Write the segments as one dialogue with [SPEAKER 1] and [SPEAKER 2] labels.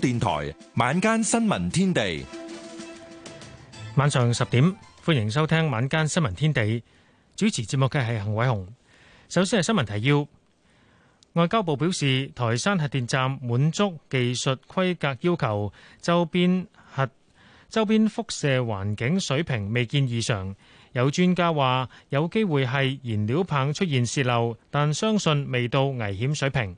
[SPEAKER 1] 電台晚間新聞天地，晚上十點歡迎收聽晚間新聞天地。主持節目嘅係邢偉雄。首先係新聞提要：外交部表示，台山核電站滿足技術規格要求，周邊核周邊輻射環境水平未見異常。有專家話，有機會係燃料棒出現泄漏，但相信未到危險水平。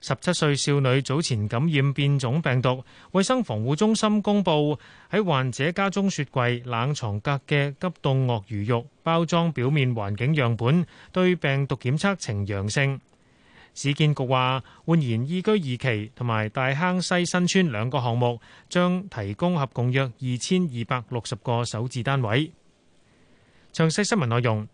[SPEAKER 1] 十七歲少女早前感染變種病毒，衛生防護中心公布喺患者家中雪櫃、冷藏格嘅急凍鱷魚肉包裝表面環境樣本對病毒檢測呈陽性。市建局話，煥然宜居二期同埋大坑西新村兩個項目將提供合共約二千二百六十個首置單位。詳細新聞內容。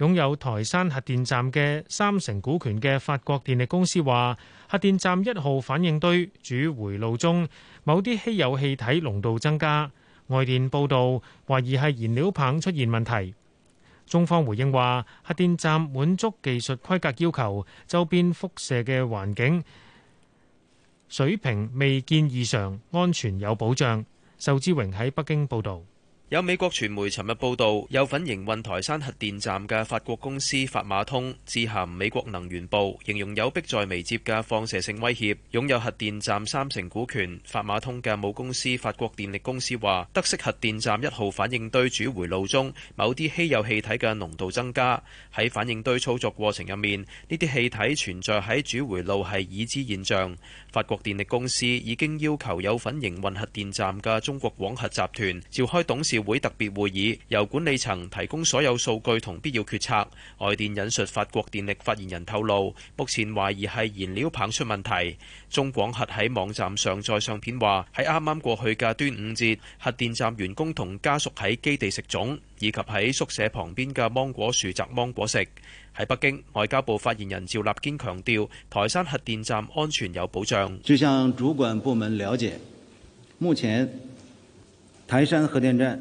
[SPEAKER 1] 擁有台山核電站嘅三成股權嘅法國電力公司話，核電站一號反應堆主回路中某啲稀有氣體濃度增加，外電報導懷疑係燃料棒出現問題。中方回應話，核電站滿足技術規格要求，周邊輻射嘅環境水平未見異常，安全有保障。壽之榮喺北京報導。
[SPEAKER 2] 有美國傳媒尋日報導，有份營運台山核電站嘅法國公司法馬通致函美國能源部，形容有迫在眉睫嘅放射性威脅。擁有核電站三成股權法馬通嘅母公司法國電力公司話，德式核電站一號反應堆主回路中某啲稀有氣體嘅濃度增加，喺反應堆操作過程入面，呢啲氣體存在喺主回路係已知現象。法國電力公司已經要求有份營運核電站嘅中國廣核集團召開董事會特別會議，由管理層提供所有數據同必要決策。外電引述法國電力發言人透露，目前懷疑係燃料棒出問題。中廣核喺網站上載相片，話喺啱啱過去嘅端午節，核電站員工同家屬喺基地食粽，以及喺宿舍旁邊嘅芒果樹摘芒果食。喺北京，外交部發言人趙立堅強調，台山核電站安全有保障，就
[SPEAKER 3] 向主管部門了解，目前台山核電站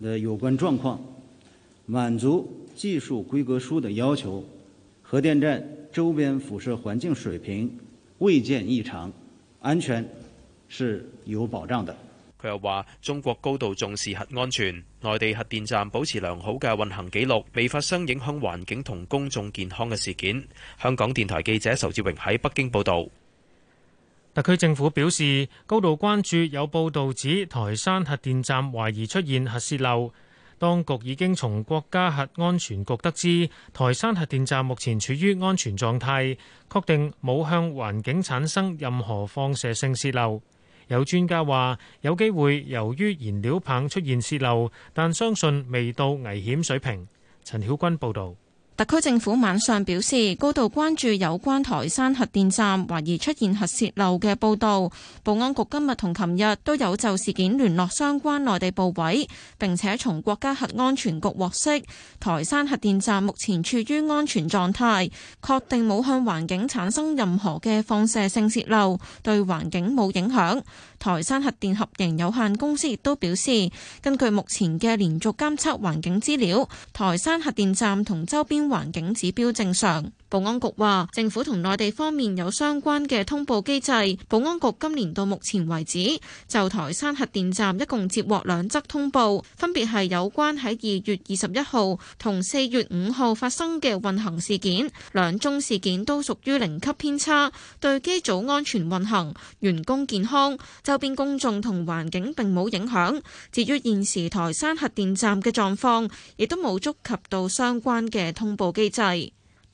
[SPEAKER 3] 的有關狀況，滿足技術規格書的要求。核電站周邊輻射環境水平未見異常，安全是有保
[SPEAKER 2] 障的。佢又話中國高度重視核安全，內地核電站保持良好嘅運行記錄，未發生影響環境同公眾健康嘅事件。香港電台記者仇志榮喺北京報道。
[SPEAKER 1] 特區政府表示高度關注，有報道指台山核電站懷疑出現核泄漏，當局已經從國家核安全局得知，台山核電站目前處於安全狀態，確定冇向環境產生任何放射性泄漏。有專家話有機會由於燃料棒出現泄漏，但相信未到危險水平。陳曉君報導。
[SPEAKER 4] 特區政府晚上表示，高度關注有關台山核電站懷疑出現核泄漏嘅報道。保安局今日同琴日都有就事件聯絡相關內地部委，並且從國家核安全局獲悉，台山核電站目前處於安全狀態，確定冇向環境產生任何嘅放射性泄漏，對環境冇影響。台山核電合營有限公司亦都表示，根據目前嘅連續監測環境資料，台山核電站同周邊環境指標正常。保安局話，政府同內地方面有相關嘅通報機制。保安局今年到目前為止，就台山核電站一共接獲兩則通報，分別係有關喺二月二十一號同四月五號發生嘅運行事件，兩宗事件都屬於零級偏差，對機組安全運行、員工健康。周邊公眾同環境並冇影響，至於現時台山核電站嘅狀況，亦都冇觸及到相關嘅通報機制。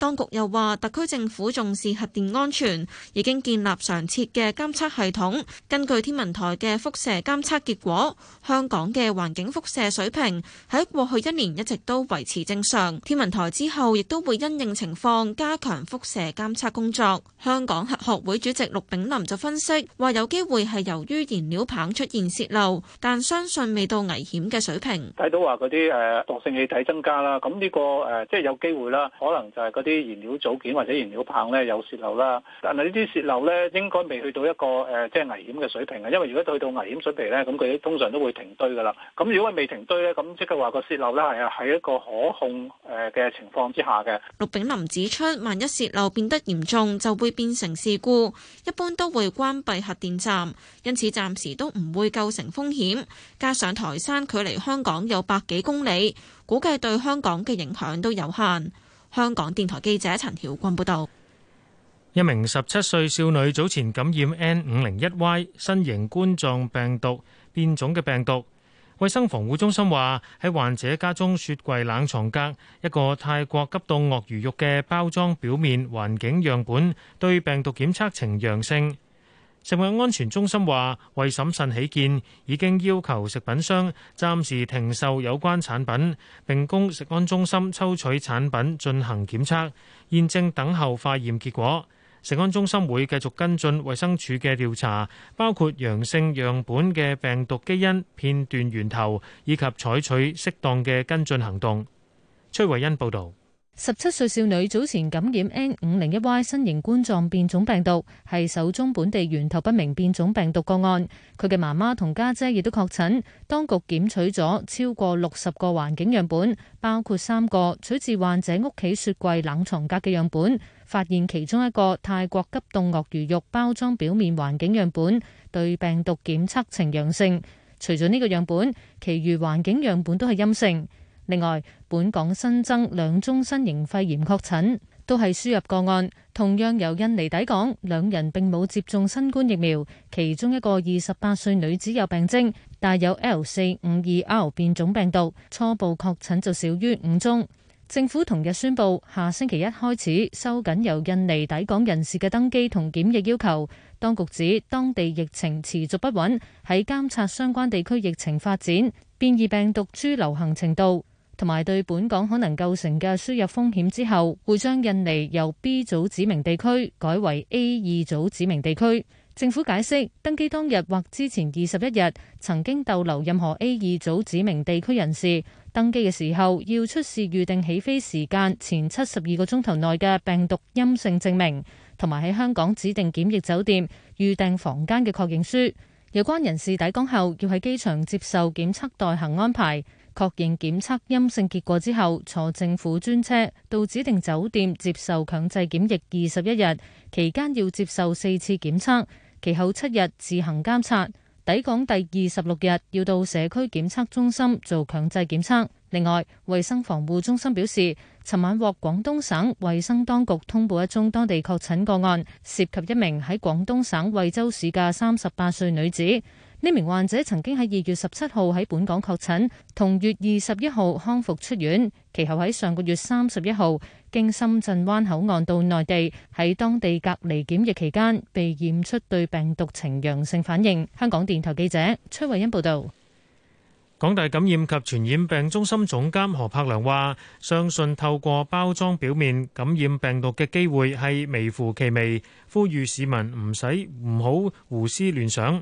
[SPEAKER 4] 當局又話，特區政府重視核電安全，已經建立常設嘅監測系統。根據天文台嘅輻射監測結果，香港嘅環境輻射水平喺過去一年一直都維持正常。天文台之後亦都會因應情況加強輻射監測工作。香港核學會主席陸炳林就分析話，有機會係由於燃料棒出現泄漏，但相信未到危險嘅水平。
[SPEAKER 5] 睇到話嗰啲誒毒性氣體增加啦，咁呢個誒即係有機會啦，可能就係嗰啲。啲燃料組件或者燃料棒咧有泄漏啦，但係呢啲泄漏咧應該未去到一個誒即係危險嘅水平啊，因為如果去到危險水平咧，咁佢通常都會停堆噶啦。咁如果係未停堆咧，咁即係話個泄漏咧係啊，喺一個可控誒嘅情況之下嘅。
[SPEAKER 4] 陸炳林指出，萬一泄漏變得嚴重，就會變成事故，一般都會關閉核電站，因此暫時都唔會構成風險。加上台山距離香港有百幾公里，估計對香港嘅影響都有限。香港電台記者陳曉君報道，
[SPEAKER 1] 一名十七歲少女早前感染 N 五零一 Y 新型冠狀病毒變種嘅病毒。衛生防護中心話，喺患者家中雪櫃冷藏格，一個泰國急凍鱷魚肉嘅包裝表面環境樣本對病毒檢測呈陽性。食物安全中心話，為審慎起見，已經要求食品商暫時停售有關產品，並供食安中心抽取產品進行檢測驗證，等候化驗結果。食安中心會繼續跟進衛生署嘅調查，包括陽性樣本嘅病毒基因片段源頭以及採取適當嘅跟進行動。崔慧恩報導。
[SPEAKER 6] 十七歲少女早前感染 N501Y 新型冠狀變種病毒，係首宗本地源頭不明變種病毒個案。佢嘅媽媽同家姐亦都確診。當局檢取咗超過六十個環境樣本，包括三個取自患者屋企雪櫃冷藏格嘅樣本，發現其中一個泰國急凍鱷魚肉包裝表面環境樣本對病毒檢測呈陽性。除咗呢個樣本，其餘環境樣本都係陰性。另外，本港新增兩宗新型肺炎確診都係輸入個案，同樣由印尼抵港。兩人並冇接種新冠疫苗，其中一個二十八歲女子有病徵帶有 L 四五二 R 變種病毒，初步確診就少於五宗。政府同日宣布，下星期一開始收緊由印尼抵港人士嘅登機同檢疫要求。當局指當地疫情持續不穩，喺監察相關地區疫情發展、變異病毒株流行程度。同埋對本港可能構成嘅輸入風險之後，會將印尼由 B 組指明地區改為 A 二組指明地區。政府解釋，登機當日或之前二十一日曾經逗留任何 A 二組指明地區人士，登機嘅時候要出示預定起飛時間前七十二個鐘頭內嘅病毒陰性證明，同埋喺香港指定檢疫酒店預定房間嘅確認書。有關人士抵港後要喺機場接受檢測待行安排。確認檢測陰性結果之後，坐政府專車到指定酒店接受強制檢疫二十一日，期間要接受四次檢測，其後七日自行監察。抵港第二十六日要到社區檢測中心做強制檢測。另外，衛生防護中心表示，尋晚獲廣東省衛生當局通報一宗當地確診個案，涉及一名喺廣東省惠州市嘅三十八歲女子。呢名患者曾經喺二月十七號喺本港確診，同月二十一號康復出院。其後喺上個月三十一號經深圳灣口岸到內地，喺當地隔離檢疫期間被驗出對病毒呈陽性反應。香港電台記者崔慧欣報道。
[SPEAKER 1] 港大感染及傳染病中心總監何柏良話：相信透過包裝表面感染病毒嘅機會係微乎其微，呼籲市民唔使唔好胡思亂想。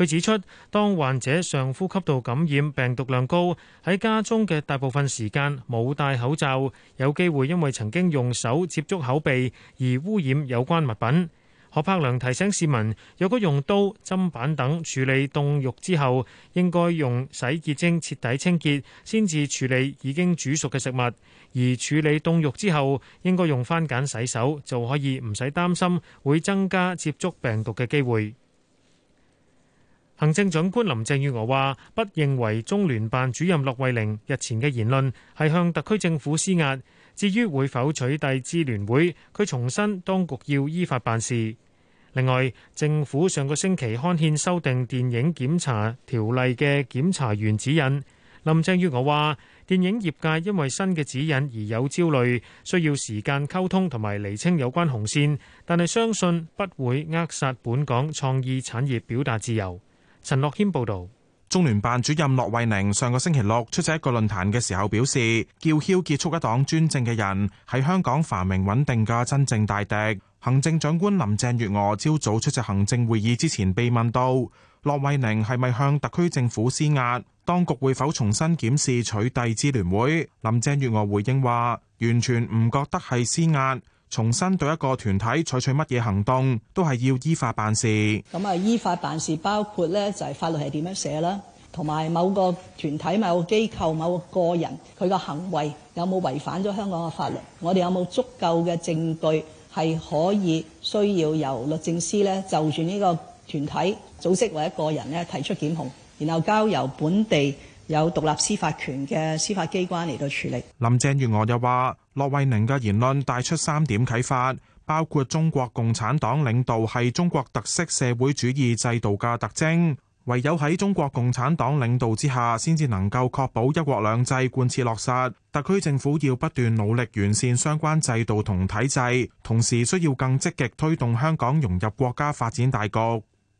[SPEAKER 1] 佢指出，當患者上呼吸道感染病毒量高，喺家中嘅大部分時間冇戴口罩，有機會因為曾經用手接觸口鼻而污染有關物品。何柏良提醒市民，若果用刀、砧板等處理凍肉之後，應該用洗潔精徹底清潔，先至處理已經煮熟嘅食物。而處理凍肉之後，應該用番梘洗手，就可以唔使擔心會增加接觸病毒嘅機會。行政長官林鄭月娥話：不認為中聯辦主任駱惠寧日前嘅言論係向特區政府施壓。至於會否取締支聯會，佢重申當局要依法辦事。另外，政府上個星期刊憲修訂電影檢查條例嘅檢查員指引。林鄭月娥話：電影業界因為新嘅指引而有焦慮，需要時間溝通同埋釐清有關紅線，但係相信不會扼殺本港創意產業表達自由。陳樂謙
[SPEAKER 7] 報道，中聯辦主任駱惠寧上個星期六出席一個論壇嘅時候表示，叫囂結束一黨專政嘅人係香港繁榮穩定嘅真正大敵。行政長官林鄭月娥朝早出席行政會議之前被問到，駱惠寧係咪向特區政府施壓？當局會否重新檢視取締支聯會？林鄭月娥回應話，完全唔覺得係施壓。重新對一個團體採取乜嘢行動，都係要依法辦事。
[SPEAKER 8] 咁啊，依法辦事包括咧，就係法律係點樣寫啦，同埋某個團體、某個機構、某個個人，佢個行為有冇違反咗香港嘅法律？我哋有冇足夠嘅證據係可以需要由律政司咧就住呢個團體組織或者個人咧提出檢控，然後交由本地有獨立司法權嘅司法機關嚟到處理。
[SPEAKER 7] 林鄭月娥又話。駱惠寧嘅言論帶出三點啟發，包括中國共產黨領導係中國特色社會主義制度嘅特徵，唯有喺中國共產黨領導之下，先至能夠確保一國兩制貫徹落實。特區政府要不斷努力完善相關制度同體制，同時需要更積極推動香港融入國家發展大局。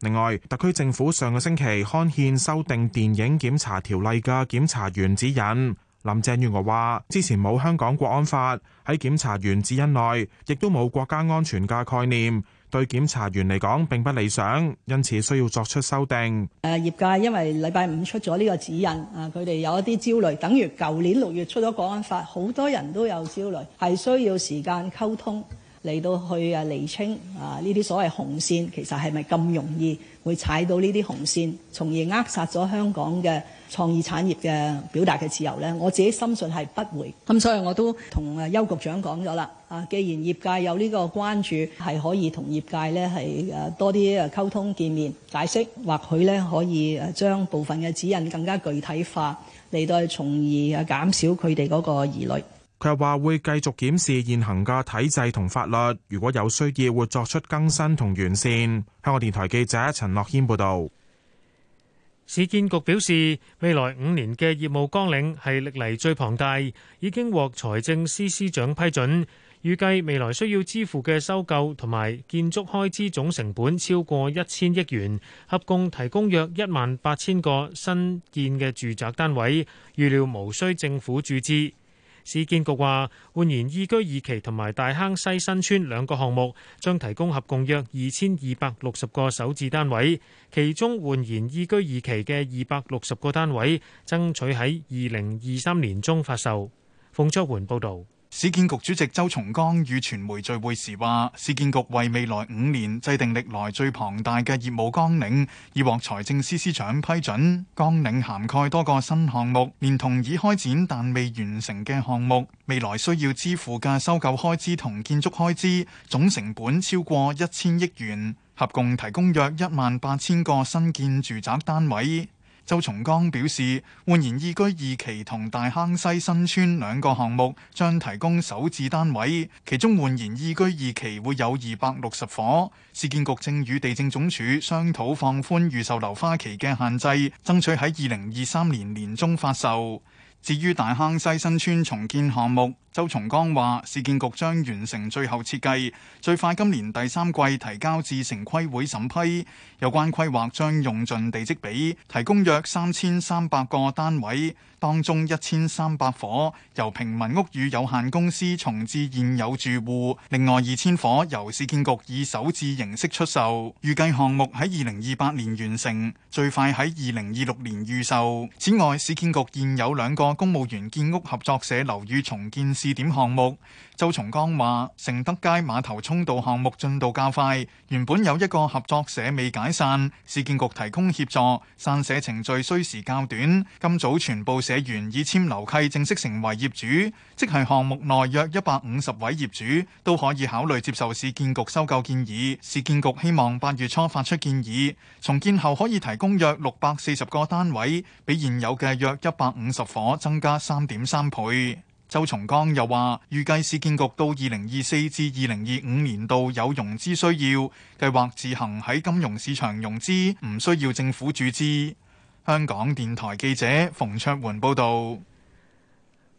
[SPEAKER 7] 另外，特區政府上個星期刊憲修訂電影檢查條例嘅檢查員指引。林鄭月娥話：之前冇香港國安法，喺檢察員指引內，亦都冇國家安全嘅概念，對檢察員嚟講並不理想，因此需要作出修訂。
[SPEAKER 8] 誒，業界因為禮拜五出咗呢個指引，啊，佢哋有一啲焦慮，等於舊年六月出咗國安法，好多人都有焦慮，係需要時間溝通。嚟到去厘啊釐清啊呢啲所謂紅線，其實係咪咁容易會踩到呢啲紅線，從而扼殺咗香港嘅創意產業嘅表達嘅自由咧？我自己深信係不會。咁、嗯、所以我都同啊邱局長講咗啦，啊既然業界有呢個關注，係可以同業界咧係誒多啲誒溝通、見面、解釋，或許咧可以誒將部分嘅指引更加具體化，嚟到係從而減少佢哋嗰個疑慮。
[SPEAKER 7] 佢話：會繼續檢視現行嘅體制同法律，如果有需要，會作出更新同完善。香港電台記者陳樂軒報導。
[SPEAKER 1] 市建局表示，未來五年嘅業務綱領係歷嚟最龐大，已經獲財政司司長批准，預計未來需要支付嘅收購同埋建築開支總成本超過一千億元，合共提供約一萬八千個新建嘅住宅單位，預料無需政府注資。市建局話，煥然宜居二期同埋大坑西新村兩個項目將提供合共約二千二百六十個首置單位，其中煥然宜居二期嘅二百六十個單位爭取喺二零二三年中發售。馮卓桓報道。
[SPEAKER 3] 市建局主席周松崗與傳媒聚會時話，市建局為未來五年制定歷來最龐大嘅業務綱領，已獲財政司司長批准。綱領涵蓋多個新項目，連同已開展但未完成嘅項目，未來需要支付嘅收購開支同建築開支總成本超過一千億元，合共提供約一萬八千個新建住宅單位。周松江表示，煥然易居二期同大坑西新村兩個項目將提供首置單位，其中煥然易居二期會有二百六十伙。市建局正與地政總署商討放寬預售樓花期嘅限制，爭取喺二零二三年年中發售。至於大坑西新村重建項目，周松江話：市建局將完成最後設計，最快今年第三季提交至城規會審批。有關規劃將用盡地積比，提供約三千三百個單位，當中一千三百伙由平民屋宇有限公司重置現有住戶，另外二千伙由市建局以首置形式出售。預計項目喺二零二八年完成，最快喺二零二六年預售。此外，市建局現有兩個公務員建屋合作社樓宇重建。試點項目，周松崗話，盛德街馬頭涌道項目進度較快。原本有一個合作社未解散，市建局提供協助，散社程序需時較短。今早全部社員已簽樓契，正式成為業主。即係項目內約一百五十位業主都可以考慮接受市建局收購建議。市建局希望八月初發出建議，重建後可以提供約六百四十個單位，比現有嘅約一百五十伙增加三點三倍。周松江又話：預計市建局到二零二四至二零二五年度有融資需要，計劃自行喺金融市場融資，唔需要政府注資。
[SPEAKER 1] 香港電台記者馮卓桓報導。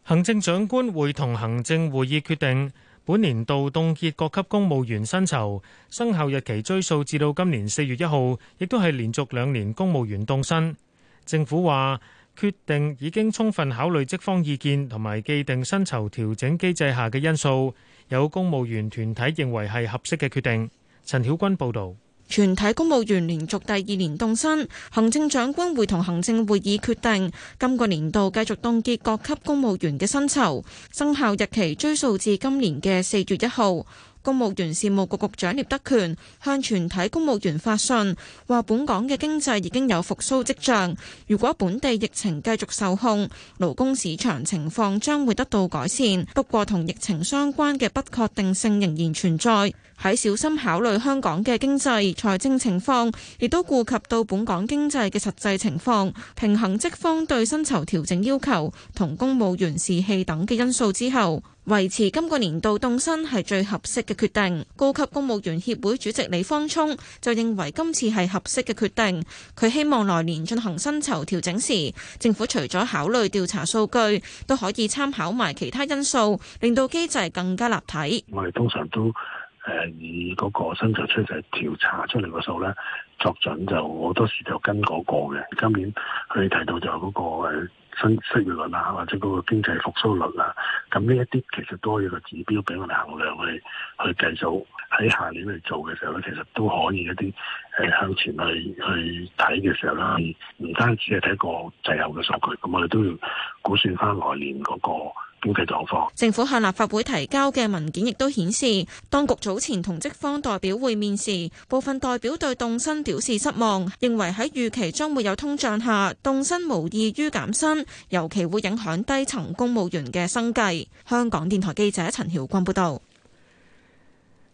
[SPEAKER 1] 行政長官會同行政會議決定，本年度凍結各級公務員薪酬生效日期，追溯至到今年四月一號，亦都係連續兩年公務員凍薪。政府話，決定已經充分考慮職方意見同埋既定薪酬調整機制下嘅因素，有公務員團體認為係合適嘅決定。陳曉君報導。
[SPEAKER 4] 全體公務員連續第二年凍薪，行政長官會同行政會議決定，今個年度繼續凍結各級公務員嘅薪酬，生效日期追溯至今年嘅四月一號。公務員事務局局長聶德權向全體公務員發信，話本港嘅經濟已經有復甦跡象。如果本地疫情繼續受控，勞工市場情況將會得到改善，不過同疫情相關嘅不確定性仍然存在。喺小心考慮香港嘅經濟財政情況，亦都顧及到本港經濟嘅實際情況，平衡職方對薪酬調整要求，同公務員士氣等嘅因素之後。維持今個年度凍薪係最合適嘅決定。高級公務員協會主席李方沖就認為今次係合適嘅決定。佢希望來年進行薪酬調整時，政府除咗考慮調查數據，都可以參考埋其他因素，令到機制更加立體。
[SPEAKER 5] 我哋通常都誒以嗰個薪酬趨勢調查出嚟個數咧作準就，就好多時就跟嗰、那個嘅。今年佢提到就嗰、那個誒。失業率啦、啊，或者嗰個經濟復甦率啦、啊，咁呢一啲其實都係一個指標，俾我哋衡量，去去計數喺下年去做嘅時候咧，其實都可以一啲誒向前去去睇嘅時候啦，唔單止係睇個滯後嘅數據，咁我哋都要估算翻來年嗰、那個。經濟
[SPEAKER 4] 狀況。政府向立法會提交嘅文件亦都顯示，當局早前同職方代表會面時，部分代表對凍薪表示失望，認為喺預期將會有通脹下，凍薪無異於減薪，尤其會影響低層公務員嘅生計。香港電台記者陳曉君報道。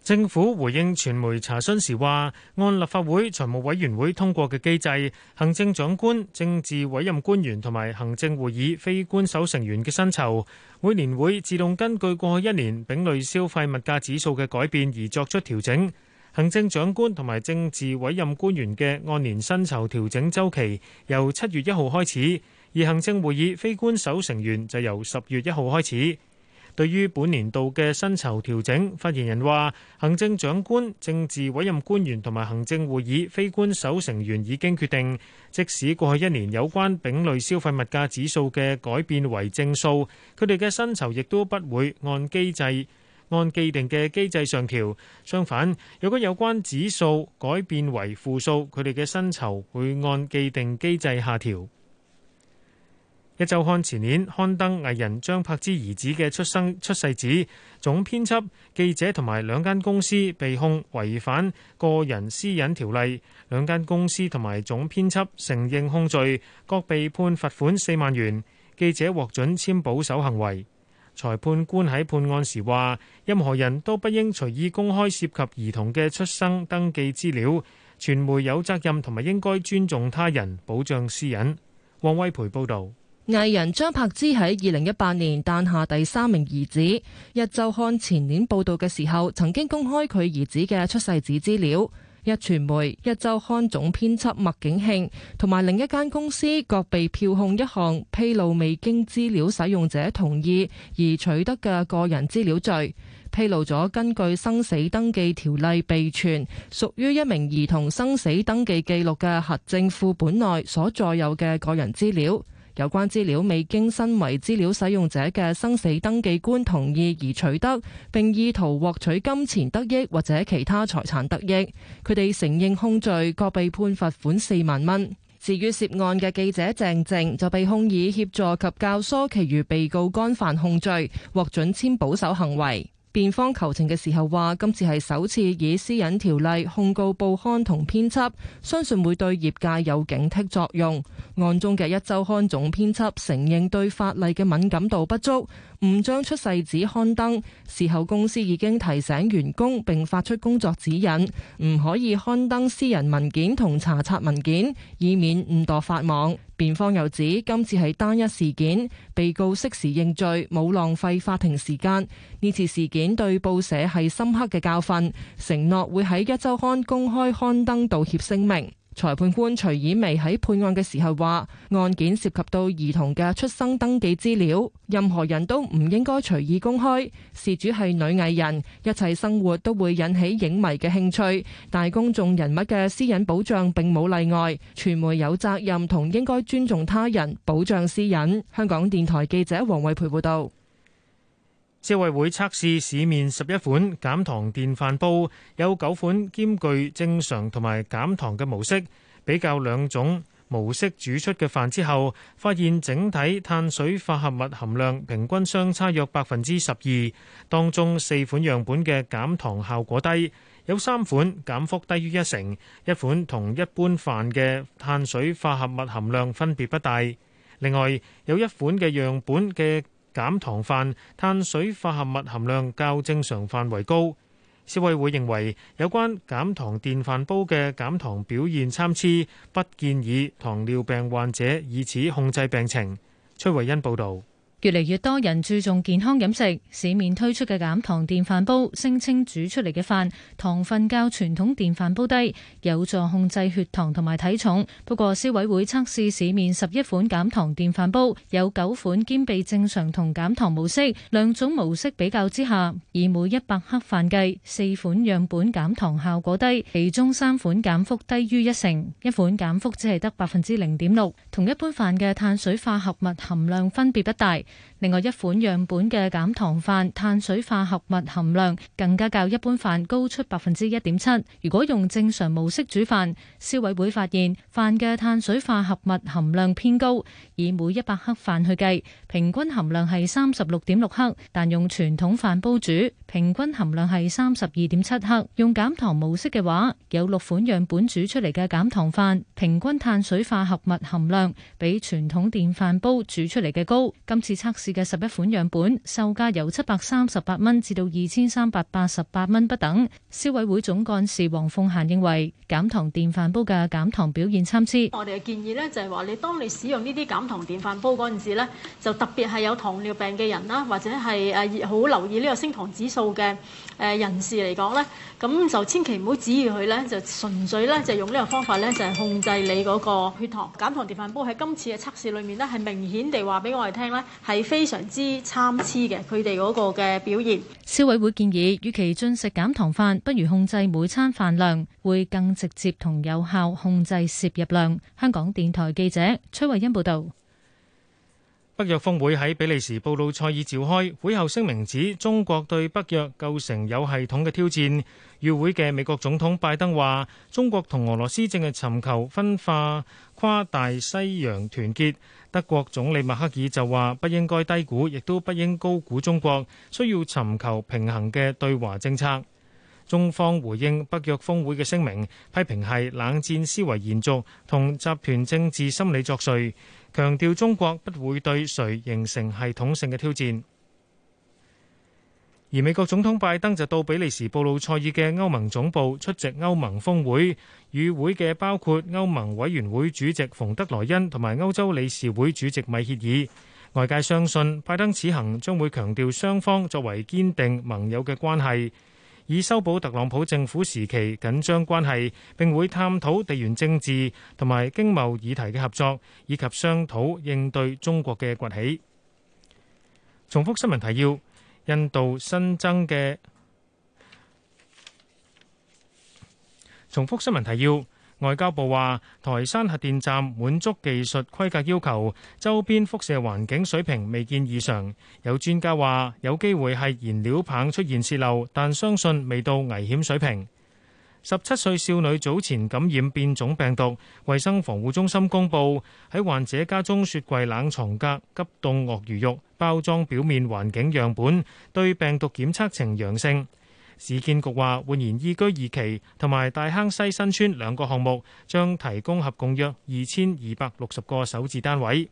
[SPEAKER 1] 政府回應傳媒查詢時話，按立法會財務委員會通過嘅機制，行政長官、政治委任官員同埋行政會議非官守成員嘅薪酬，每年會自動根據過去一年丙類消費物價指數嘅改變而作出調整。行政長官同埋政治委任官員嘅按年薪酬調整週期由七月一號開始，而行政會議非官守成員就由十月一號開始。對於本年度嘅薪酬調整，發言人話：行政長官、政治委任官員同埋行政會議非官守成員已經決定，即使過去一年有關丙類消費物價指數嘅改變為正數，佢哋嘅薪酬亦都不會按機制，按既定嘅機制上調。相反，如果有關指數改變為負數，佢哋嘅薪酬會按既定機制下調。一週刊前年刊登藝人張柏芝兒子嘅出生出世紙總編輯記者同埋兩間公司被控違反個人私隱條例，兩間公司同埋總編輯承認控罪，各被判罰款四萬元。記者獲准簽保守行為。裁判官喺判案時話，任何人都不應隨意公開涉及兒童嘅出生登記資料，傳媒有責任同埋應該尊重他人，保障私隱。黃威培報道。
[SPEAKER 9] 藝人張柏芝喺二零一八年誕下第三名兒子。《壹周刊》前年報道嘅時候，曾經公開佢兒子嘅出世紙資料。壹傳媒《壹周刊》總編輯麥景慶同埋另一間公司，各被票控一項披露未經資料使用者同意而取得嘅個人資料罪，披露咗根據生死登記條例備存屬於一名兒童生死登記記錄嘅核證副本內所載有嘅個人資料。有關資料未經身為資料使用者嘅生死登記官同意而取得，並意圖獲取金錢得益或者其他財產得益，佢哋承認控罪，各被判罰款四萬蚊。至於涉案嘅記者鄭靜就被控以協助及教唆其餘被告干犯控罪，獲准簽保守行為。辯方求情嘅時候話，今次係首次以私隱條例控告報刊同編輯，相信會對業界有警惕作用。案中嘅《一周刊》總編輯承認對法例嘅敏感度不足，唔將出世紙刊登。事後公司已經提醒員工，並發出工作指引，唔可以刊登私人文件同查冊文件，以免誤墮法網。辯方又指今次係單一事件，被告適時認罪，冇浪費法庭時間。呢次事件對報社係深刻嘅教訓，承諾會喺《一周刊》公開刊登道歉聲明。裁判官徐以薇喺判案嘅時候話，案件涉及到兒童嘅出生登記資料，任何人都唔應該隨意公開。事主係女藝人，一切生活都會引起影迷嘅興趣，但公眾人物嘅私隱保障並冇例外，傳媒有責任同應該尊重他人保障私隱。香港電台記者黃慧培報道。
[SPEAKER 1] 消委會測試市面十一款減糖電飯煲，有九款兼具正常同埋減糖嘅模式。比較兩種模式煮出嘅飯之後，發現整體碳水化合物含量平均相差約百分之十二。當中四款樣本嘅減糖效果低，有三款減幅低於一成，一款同一般飯嘅碳水化合物含量分別不大。另外有一款嘅樣本嘅減糖飯碳水化合物含量較正常範圍高，消委會認為有關減糖電飯煲嘅減糖表現參差，不建議糖尿病患者以此控制病情。崔惠恩報導。
[SPEAKER 6] 越嚟越多人注重健康飲食，市面推出嘅減糖電飯煲，聲稱煮出嚟嘅飯糖分較傳統電飯煲低，有助控制血糖同埋體重。不過，消委會測試市面十一款減糖電飯煲，有九款兼備正常同減糖模式。兩種模式比較之下，以每一百克飯計，四款樣本減糖效果低，其中三款減幅低於一成，一款減幅只係得百分之零點六，同一般飯嘅碳水化合物含量分別不大。另外一款樣本嘅減糖飯碳水化合物含量更加較一般飯高出百分之一點七。如果用正常模式煮飯，消委會發現飯嘅碳水化合物含量偏高，以每一百克飯去計，平均含量係三十六點六克。但用傳統飯煲煮，平均含量係三十二點七克。用減糖模式嘅話，有六款樣本煮出嚟嘅減糖飯，平均碳水化合物含量比傳統電飯煲煮出嚟嘅高。今次測試嘅十一款樣本售價由七百三十八蚊至到二千三百八十八蚊不等。消委會總幹事黃鳳嫻認為，減糖電飯煲嘅減糖表現參差。我
[SPEAKER 10] 哋嘅建議呢、就係，就係話，你當你使用呢啲減糖電飯煲嗰陣時咧，就特別係有糖尿病嘅人啦，或者係誒好留意呢個升糖指數嘅誒人士嚟講呢。咁就千祈唔好指意佢呢，就純粹呢，就用呢個方法呢，就係控制你嗰個血糖。減糖電飯煲喺今次嘅測試裏面呢，係明顯地話俾我哋聽呢。係非常之參差嘅，佢哋
[SPEAKER 6] 嗰個嘅表現。消委會建議，與其進食減糖飯，不如控制每餐飯量，會更直接同有效控制攝入量。香港電台記者崔慧欣報道，
[SPEAKER 1] 北約峰會喺比利時布魯塞爾召開，會後聲明指中國對北約構成有系統嘅挑戰。與會嘅美國總統拜登話：中國同俄羅斯正係尋求分化、跨大西洋團結。德國總理默克爾就話：不應該低估，亦都不應高估中國，需要尋求平衡嘅對華政策。中方回應北約峰會嘅聲明，批評係冷戰思維延續同集團政治心理作祟，強調中國不會對誰形成系統性嘅挑戰。而美國總統拜登就到比利時布魯塞爾嘅歐盟總部出席歐盟峰會，與會嘅包括歐盟委員會主席馮德萊恩同埋歐洲理事會主席米歇爾，外界相信拜登此行將會強調雙方作為堅定盟友嘅關係，以修補特朗普政府時期緊張關係，並會探討地緣政治同埋經貿議題嘅合作，以及商討應對中國嘅崛起。重複新聞提要。印度新增嘅，重複新聞提要。外交部話，台山核電站滿足技術規格要求，周邊輻射環境水平未見異常。有專家話，有機會係燃料棒出現泄漏，但相信未到危險水平。十七歲少女早前感染變種病毒，衛生防護中心公布，喺患者家中雪櫃冷藏格急凍鱷魚肉包裝表面環境樣本對病毒檢測呈陽性。市建局話，煥然懿居二期同埋大坑西新村兩個項目將提供合共約二千二百六十個首置單位。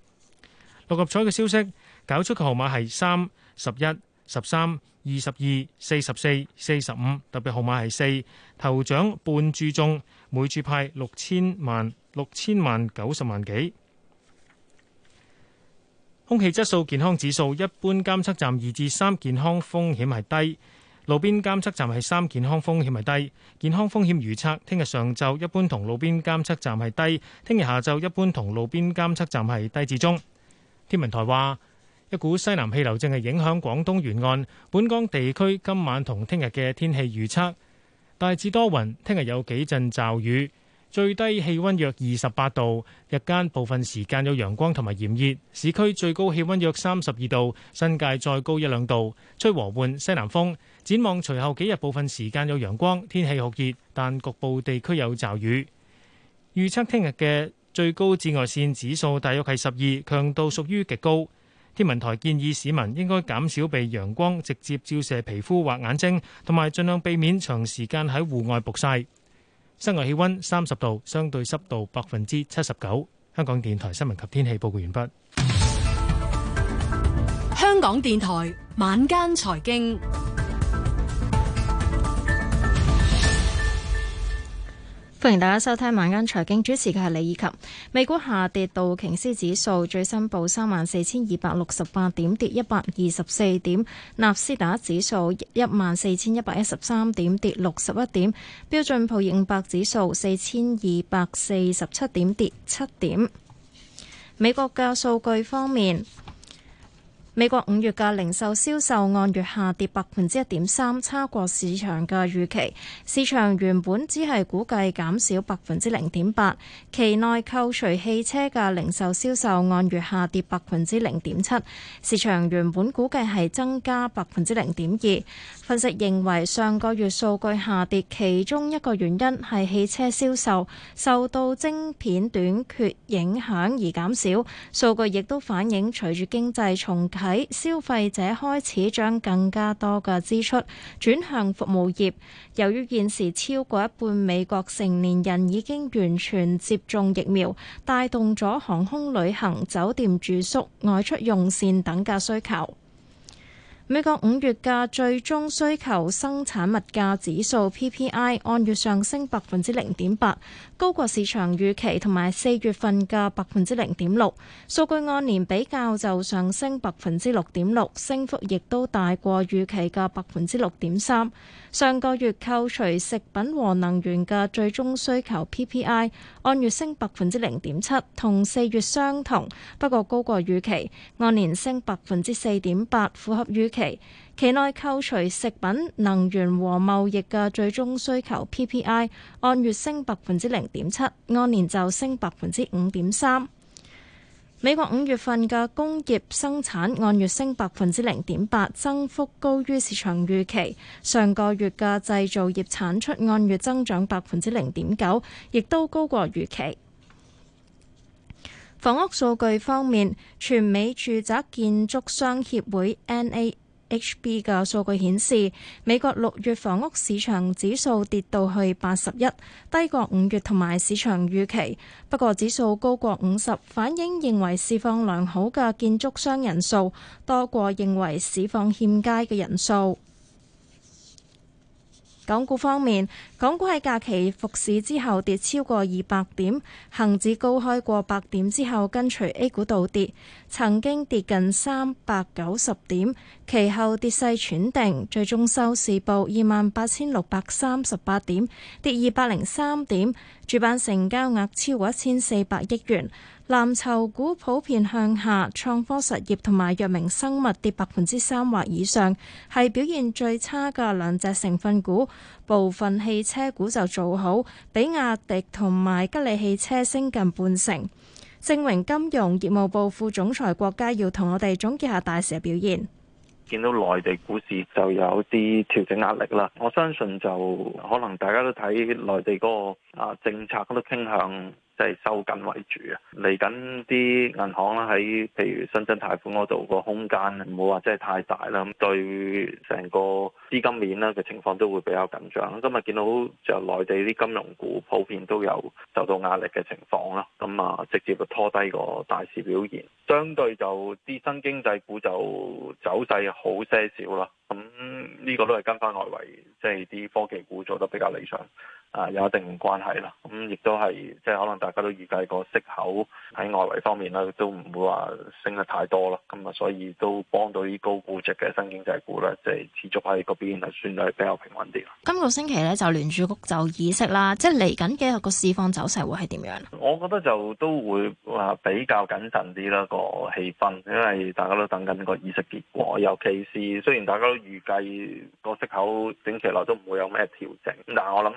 [SPEAKER 1] 六合彩嘅消息，搞出嘅號碼係三十一十三，二十二、四十四、四十五，特別號碼係四。頭獎半注中，每注派六千萬、六千萬九十萬幾。空氣質素健康指數，一般監測站二至三，健康風險係低；路邊監測站係三，健康風險係低。健康風險預測，聽日上晝一般同路邊監測站係低，聽日下晝一般同路邊監測站係低至中。天文台話，一股西南氣流正係影響廣東沿岸，本港地區今晚同聽日嘅天氣預測，大致多雲，聽日有幾陣驟雨，最低氣溫約二十八度，日間部分時間有陽光同埋炎熱，市區最高氣溫約三十二度，新界再高一兩度，吹和緩西南風。展望隨後幾日部分時間有陽光，天氣酷熱，但局部地區有驟雨。預測聽日嘅最高紫外線指數大約係十二，強度屬於極高。天文台建議市民應該減少被陽光直接照射皮膚或眼睛，同埋盡量避免長時間喺戶外曝曬。室外氣溫三十度，相對濕度百分之七十九。香港電台新聞及天氣報告完畢。
[SPEAKER 6] 香港電台晚間財經。
[SPEAKER 10] 歡迎大家收聽《晚間財經》，經主持嘅係李以及。美股下跌，道瓊斯指數最新報三萬四千二百六十八點，跌一百二十四點；納斯達指數一萬四千一百一十三點，跌六十一點；標準普爾五百指數四千二百四十七點，跌七點，美國嘅數據方面。美國五月嘅零售銷售按月下跌百分之一點三，差過市場嘅預期。市場原本只係估計減少百分之零點八。期內扣除汽車嘅零售銷售按月下跌百分之零點七，市場原本估計係增加百分之零點二。分析認為上個月數據下跌，其中一個原因係汽車銷售受到晶片短缺影響而減少。數據亦都反映隨住經濟重啟。喺消費者開始將更加多嘅支出轉向服務業，由於現時超過一半美國成年人已經完全接種疫苗，帶動咗航空旅行、酒店住宿、外出用膳等嘅需求。美國五月嘅最終需求生產物價指數 PPI 按月上升百分之零點八，高過市場預期同埋四月份嘅百分之零點六。數據按年比較就上升百分之六點六，升幅亦都大過預期嘅百分之六點三。上個月扣除食品和能源嘅最終需求 PPI 按月升百分之零點七，同四月相同，不過高過預期，按年升百分之四點八，符合預期。期內扣除食品、能源和貿易嘅最終需求 PPI 按月升百分之零點七，按年就升百分之五點三。美國五月份嘅工業生產按月升百分之零點八，增幅高於市場預期。上個月嘅製造業產出按月增長百分之零點九，亦都高過預期。房屋數據方面，全美住宅建築商協會 NA。H. B. 嘅數據顯示，美國六月房屋市場指數跌到去八十一，低過五月同埋市場預期。不過指數高過五十，反映認為市況良好嘅建築商人數多過認為市況欠佳嘅人數。港股方面，港股喺假期復市之後跌超過二百點，恒指高開過百點之後跟隨 A 股倒跌，曾經跌近三百九十點，其後跌勢喘定，最終收市報二萬八千六百三十八點，跌二百零三點，主板成交額超過一千四百億元。藍籌股普遍向下，創科實業同埋藥明生物跌百分之三或以上，係表現最差嘅兩隻成分股。部分汽車股就做好，比亞迪同埋吉利汽車升近半成，正榮金融業務部副總裁郭家耀同我哋總結下大市嘅表現。
[SPEAKER 5] 見到內地股市就有啲調整壓力啦，我相信就可能大家都睇內地嗰個啊政策都傾向即係收緊為主啊！嚟緊啲銀行啦，喺譬如新增貸款嗰度個空間唔好話真係太大啦，咁對成個資金面啦嘅情況都會比較緊張。今日見到就內地啲金融股普遍都有受到壓力嘅情況啦，咁啊直接就拖低個大市表現。相對就啲新經濟股就走勢好些少啦。咁呢個都係跟翻外圍，即係啲科技股做得比較理想。啊，有一定關係啦。咁、嗯、亦都係，即係可能大家都預計個息口喺外圍方面咧，都唔會話升得太多啦。咁、嗯、啊，所以都幫到啲高估值嘅新經濟股咧，即係持續喺嗰邊啊，算係比較平穩啲。
[SPEAKER 10] 今個星期咧，就聯儲局就議息啦，即係嚟緊嘅個市況走勢會係點樣？
[SPEAKER 5] 我覺得就都會話比較謹慎啲啦，個氣氛，因為大家都等緊個議息結果。尤其是雖然大家都預計、個息口整期內都唔會有咩調整，但係我諗。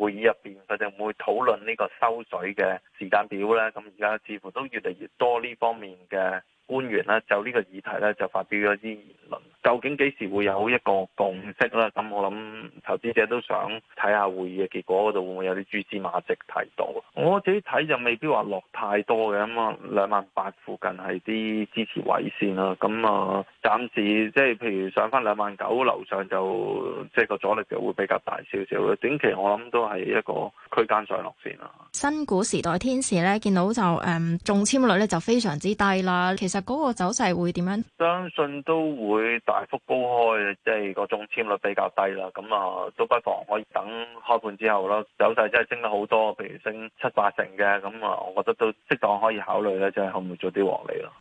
[SPEAKER 5] 會議入邊，佢哋會討論呢個收水嘅時間表咧。咁而家似乎都越嚟越多呢方面嘅。官員咧就呢個議題咧就發表咗啲言論，究竟幾時會有一個共識啦。咁我諗投資者都想睇下會議嘅結果嗰度會唔會有啲蛛絲馬跡睇到。我自己睇就未必話落太多嘅咁啊，兩萬八附近係啲支持位線啦。咁啊，暫時即係譬如上翻兩萬九樓上就即係個阻力就會比較大少少嘅。短期我諗都係一個區間上落線啦。
[SPEAKER 10] 新股時代天使咧見到就誒中籤率咧就非常之低啦。其實嗰個走勢會點樣？
[SPEAKER 5] 相信都會大幅高開，即係個中籤率比較低啦。咁啊，都不妨可以等開盤之後咯，走勢真係升咗好多，譬如升七八成嘅，咁啊，我覺得都適當可以考慮咧，即係後面做啲獲利咯。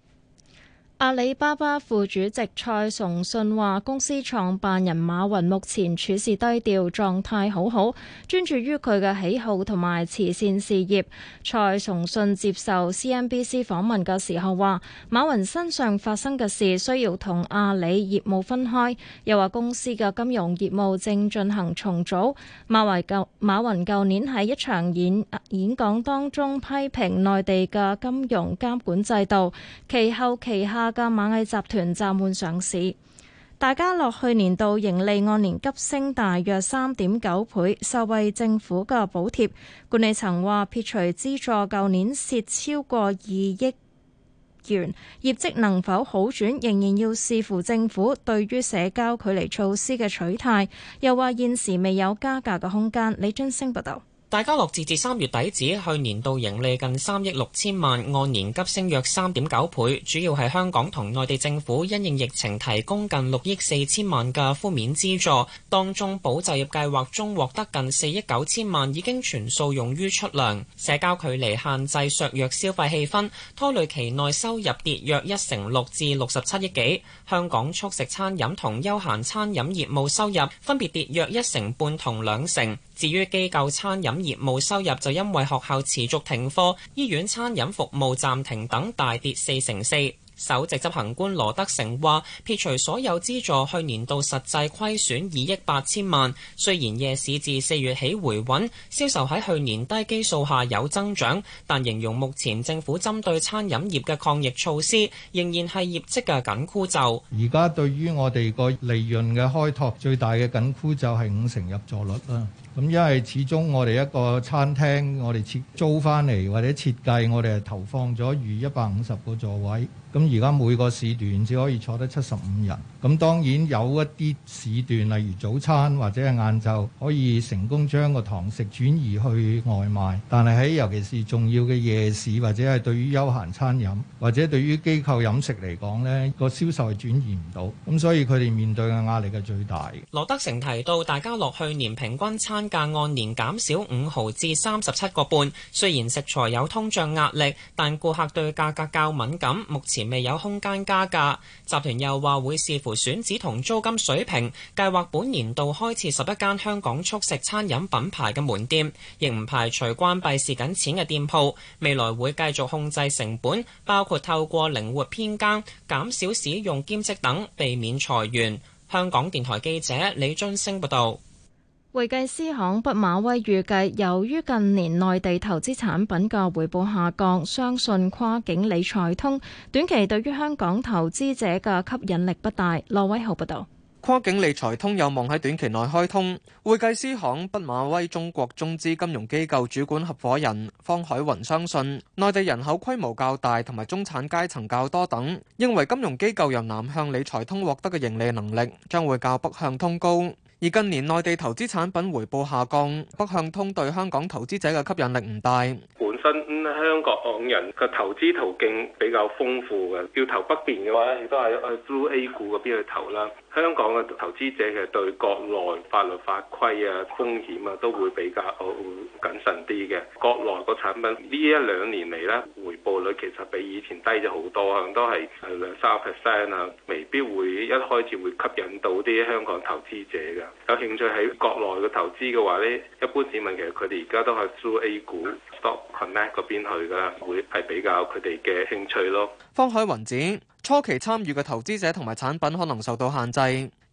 [SPEAKER 10] 阿里巴巴副主席蔡崇信話：公司創辦人馬雲目前處事低調，狀態好好，專注於佢嘅喜好同埋慈善事業。蔡崇信接受 CNBC 訪問嘅時候話：馬雲身上發生嘅事需要同阿里業務分開。又話公司嘅金融業務正進行重組。馬雲舊馬雲舊年喺一場演演講當中批評內地嘅金融監管制度，其後旗下。嘅螞蟻集團暫緩上市。大家樂去年度盈利按年急升大約三點九倍，受惠政府嘅補貼。管理層話撇除資助，舊年蝕超過二億元，業績能否好轉仍然要視乎政府對於社交距離措施嘅取態。又話現時未有加價嘅空間。李津升報道。
[SPEAKER 11] 大家樂截至三月底止，去年度盈利近三億六千萬，按年急升約三點九倍，主要係香港同內地政府因應疫情提供近六億四千萬嘅負面資助，當中保就業計劃中獲得近四億九千萬，已經全數用於出糧。社交距離限制削弱消費氣氛，拖累期內收入跌約一成六至六十七億幾。香港速食餐飲同休閒餐飲業務收入分別跌約一成半同兩成。至於機構餐飲業務收入就因為學校持續停課、醫院餐飲服務暫停等，大跌四成四。首席執行官羅德成話：撇除所有資助，去年度實際虧損二億八千萬。雖然夜市至四月起回穩，銷售喺去年低基數下有增長，但形容目前政府針對餐飲業嘅抗疫措施仍然係業績嘅緊箍咒。
[SPEAKER 3] 而家對於我哋個利潤嘅開拓，最大嘅緊箍咒係五成入座率啦。咁因為始終我哋一個餐廳，我哋設租翻嚟或者設計我哋係投放咗逾一百五十個座位。咁而家每個時段只可以坐得七十五人。咁當然有一啲時段，例如早餐或者係晏晝可以成功將個堂食轉移去外賣，但係喺尤其是重要嘅夜市或者係對於休閒餐飲或者對於機構飲食嚟講咧，個銷售係轉移唔到。咁所以佢哋面對嘅壓力係最大。
[SPEAKER 11] 羅德成提到，大家落去年平均餐均價按年減少五毫至三十七個半。雖然食材有通脹壓力，但顧客對價格較敏感，目前未有空間加價。集團又話會視乎選址同租金水平，計劃本年度開設十一間香港速食餐飲品牌嘅門店，亦唔排除關閉蝕緊錢嘅店鋪。未來會繼續控制成本，包括透過靈活偏更、減少使用兼職等，避免裁員。香港電台記者李津星報道。
[SPEAKER 10] 會計師行畢馬威預計，由於近年內地投資產品嘅回報下降，相信跨境理財通短期對於香港投資者嘅吸引力不大。羅威浩報道，
[SPEAKER 12] 跨境理財通有望喺短期內開通。會計師行畢馬威中國中資金融機構主管合夥人方海雲相信，內地人口規模較大，同埋中產階層較多等，認為金融機構由南向理財通獲得嘅盈利能力將會較北向通高。而近年內地投資產品回報下降，北向通對香港投資者嘅吸引力唔大。
[SPEAKER 5] 本身香港人嘅投資途徑比較豐富嘅，要投北邊嘅話，亦都係去 through A 股嗰邊去投啦。香港嘅投資者其實對國內法律法規啊、風險啊，都會比較謹慎啲嘅。國內個產品呢一兩年嚟咧，回報率其實比以前低咗好多，可能都係兩三 percent 啊，未必會一開始會吸引到啲香港投資者嘅。有興趣喺國內嘅投資嘅話呢，一般市民其實佢哋而家都係做 A 股、Stock Connect 嗰邊去噶啦，會係比較佢哋嘅興趣咯。
[SPEAKER 12] 方海雲指初期參與嘅投資者同埋產品可能受到限制，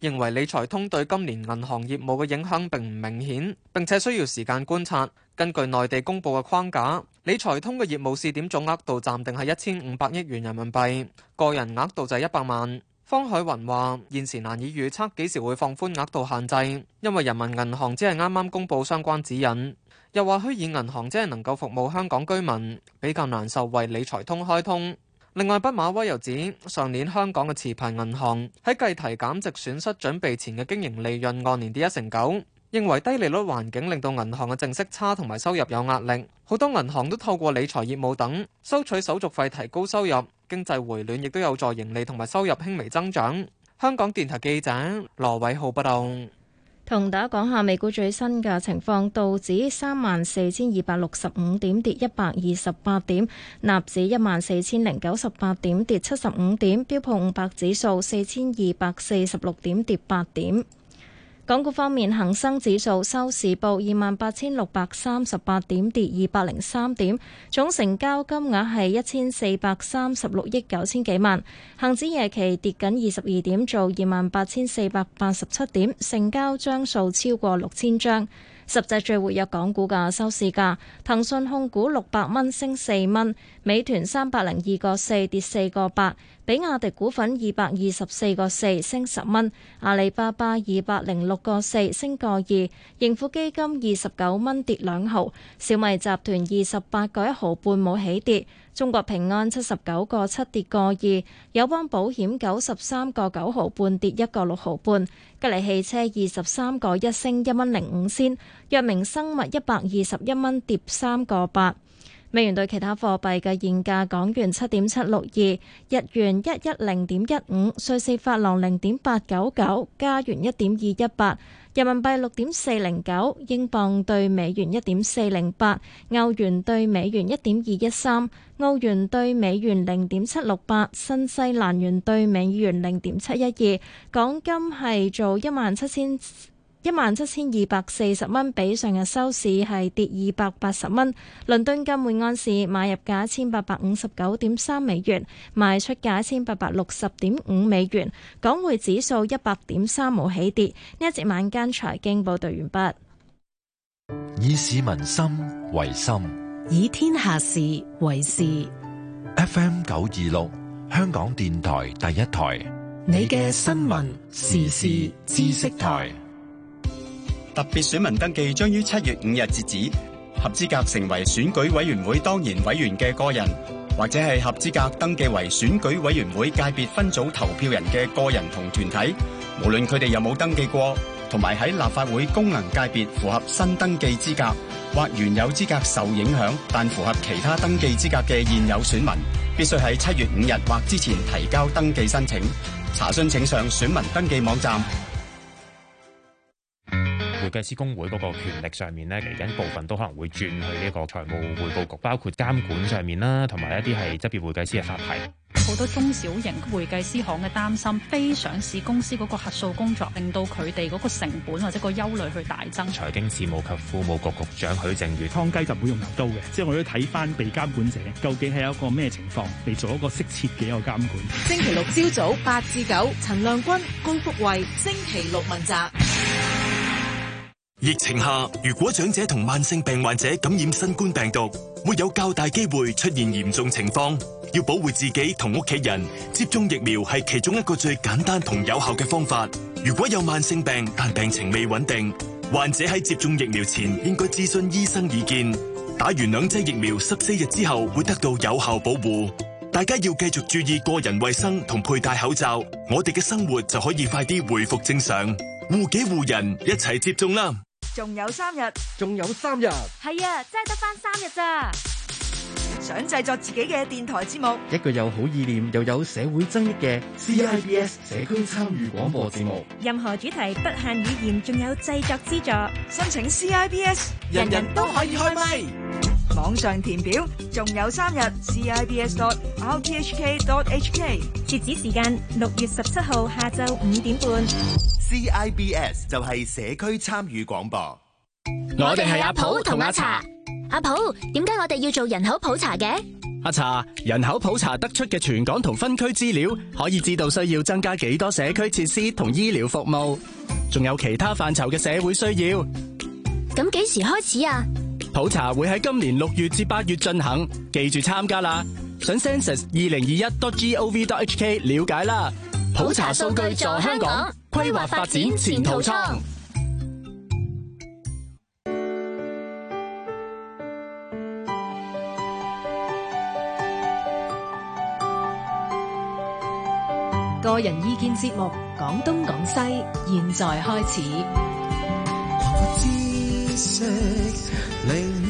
[SPEAKER 12] 認為理財通對今年銀行業務嘅影響並唔明顯，並且需要時間觀察。根據內地公布嘅框架，理財通嘅業務試點總額度暫定係一千五百億元人民幣，個人額度就係一百萬。方海雲話現時難以預測幾時會放寬額度限制，因為人民銀行只係啱啱公布相關指引。又話虛擬銀行只係能夠服務香港居民，比較難受為理財通開通。另外，畢馬威又指上年香港嘅持牌銀行喺計提減值損失準備前嘅經營利潤按年跌一成九，認為低利率環境令到銀行嘅淨息差同埋收入有壓力。好多銀行都透過理財業務等收取手續費提高收入。經濟回暖亦都有助盈利同埋收入輕微增長。香港電台記者羅偉浩報道：
[SPEAKER 10] 同大家講下，美股最新嘅情況，道指三萬四千二百六十五點跌一百二十八點，納指一萬四千零九十八點跌七十五點，標普五百指數四千二百四十六點跌八點。港股方面，恒生指數收市報二萬八千六百三十八點，跌二百零三點，總成交金額係一千四百三十六億九千幾萬，恒指夜期跌緊二十二點做二萬八千四百八十七點，成交張數超過六千張。十隻最活躍港股嘅收市價：騰訊控股六百蚊升四蚊，美團三百零二個四跌四個八，比亞迪股份二百二十四個四升十蚊，阿里巴巴二百零六個四升個二，盈富基金二十九蚊跌兩毫，小米集團二十八個一毫半冇起跌。中國平安七十九個七跌個二，友邦保險九十三個九毫半跌一個六毫半，吉利汽車二十三個一升一蚊零五仙，藥明生物一百二十一蚊跌三個八。美元兌其他貨幣嘅現價：港元七點七六二，日元一一零點一五，瑞士法郎零點八九九，加元一點二一八。人民幣六點四零九，英鎊對美元一點四零八，歐元對美元一點二一三，澳元對美元零點七六八，新西蘭元對美元零點七一二，港金係做一萬七千。一萬七千二百四十蚊，17，比上日收市係跌二百八十蚊。倫敦金每安士買入價一千八百五十九點三美元，賣出價一千八百六十點五美元。港匯指數一百點三毫起跌。呢一節晚間財經報道完畢。
[SPEAKER 6] 以市民心為心，以天下事為事。F.M. 九二
[SPEAKER 3] 六，香港電台第一台，
[SPEAKER 6] 你嘅新聞時事
[SPEAKER 1] 知識
[SPEAKER 3] 台。特別選民登記將於七月五日截止，合資格成為選舉委員會當然委員嘅個人，或者係合資格登記為選舉委員會界別分組投票人嘅個人同團體，無論佢哋有冇登記過，同埋喺立法會功能界別符合新登記資格或原有資格受影響，但符合其他登記資格嘅現有選民，必須喺七月五日或之前提交登記申請，查詢請上選民登記網站。
[SPEAKER 1] 會計師公會嗰個權力上面咧，嚟緊部分都可能會轉去呢個財務匯報局，包括監管上面啦，同埋一啲係執業會計師嘅發牌。
[SPEAKER 6] 好多中小型會計師行嘅擔心，非上市公司嗰個核數工作，令到佢哋嗰個成本或者個憂慮去大增。財
[SPEAKER 1] 經事務及庫務局局長許正宇：，湯雞就唔會用牛刀嘅， 即係我要睇翻被監管者究竟係有一個咩情況嚟做一個適切嘅一個監管。
[SPEAKER 8] 星期六朝早八至九，9, 陳亮君、高福慧，星期六問責。
[SPEAKER 3] 疫情下，如果長者同慢性病患者感染新冠病毒，會有較大機會出現嚴重情況。要保護自己同屋企人，接種疫苗係其中一個最簡單同有效嘅方法。如果有慢性病但病情未穩定，患者喺接種疫苗前應該諮詢醫生意見。打完兩劑疫苗十四日之後會得到有效保護。大家要繼續注意個人衛生同佩戴口罩，我哋嘅生活就可以快啲回復正常。護己護人，一齊接種啦！
[SPEAKER 8] 仲有三日，仲有三日，係啊，真係得翻三日咋！想製作自己嘅電台節目，
[SPEAKER 3] 一個有好意念又有社會爭議嘅
[SPEAKER 8] CIBS
[SPEAKER 3] 社區參與廣播節目，
[SPEAKER 8] 任何主題，不限語言，仲有製作資助。申請 CIBS，人人都可以開咪。網上填表，仲有三日，CIBS dot rthk dot hk 截止時間六月十七號下晝五點半。
[SPEAKER 11] CIBS 就係社區參與廣播，我哋係阿普同阿茶。
[SPEAKER 8] 阿普，點解我哋要做人口普查嘅？
[SPEAKER 11] 阿茶，人口普查得出
[SPEAKER 3] 嘅全港同分區資料，可以知道需要增加幾多社區設施同醫療服務，仲有其他範疇嘅社會需要。
[SPEAKER 10] 咁幾時開始
[SPEAKER 3] 啊？普查會喺今年六月至八月進行，記住參加啦。上 Census 二零二一 .gov.hk 了解啦。普查數據助香港規劃發展前途艙。
[SPEAKER 6] 個人意見節目，講東講西，現在開始。